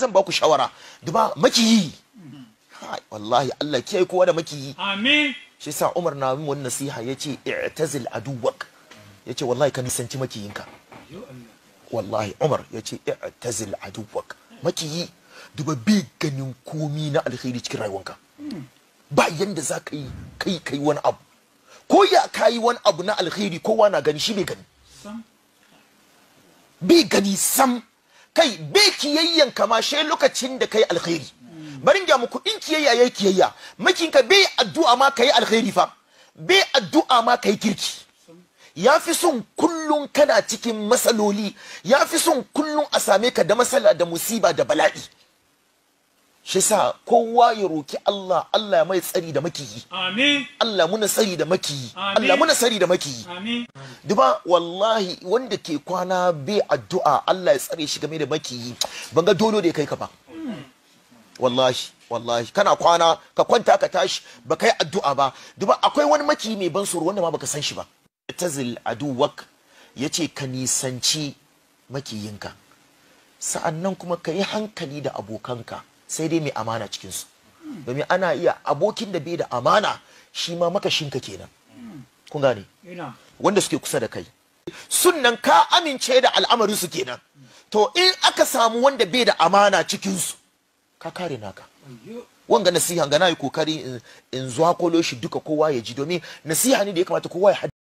zan ba ku shawara duba makiyi wallahi Allah kiyaye kowa da makiyi amin shi sa Umar na min wannan nasiha yace i'tazil aduwak yace wallahi ka nisanci makiyinka wallahi Umar yace i'tazil aduwak makiyi duba bi ganin komi na alkhairi cikin rayuwanka hmm. ba yanda za ka yi kai kai wani abu ko ya kayi wani abu na alkhairi kowa na gani shi bai gani bi gani sam kai bai kiyayyan kama shi lokacin da kai alkhairi barin ga muku in kiyayya yayi kiyayya makinka bai addu'a ma kai alkhairi fa bai addu'a ma kai kirki ya fi son kullum kana cikin matsaloli ya fi son kullum a same ka da matsala da musiba da bala'i shi sa kowa ya roki Allah Allah mai tsari da makiyi amin Allah muna tsari da makiyi Allah muna tsari da makiyi amin duba wallahi wanda ke kwana bai addu'a Allah ya tsare shi game da makiyi ban ga dole da ya kai ka ba wallahi wallahi kana kwana ka kwanta ka tashi ba kai addu'a ba duba akwai wani maki mai ban tsoro wanda ma baka san shi ba tazil aduwak yace ka nisanci makiyinka sa'annan kuma ka yi hankali da abokanka sai dai mai amana cikinsu su domin ana iya abokin da bai da amana shi ma makashinka kenan kun gane wanda suke kusa da kai sunnan ka amince da al'amarin su kenan to in aka samu wanda bai da amana cikinsu su ka kare naka wanga nasiha ga na yi kokari in zuwa kolo duka kowa ya ji domin nasiha ne da ya kamata kowa ya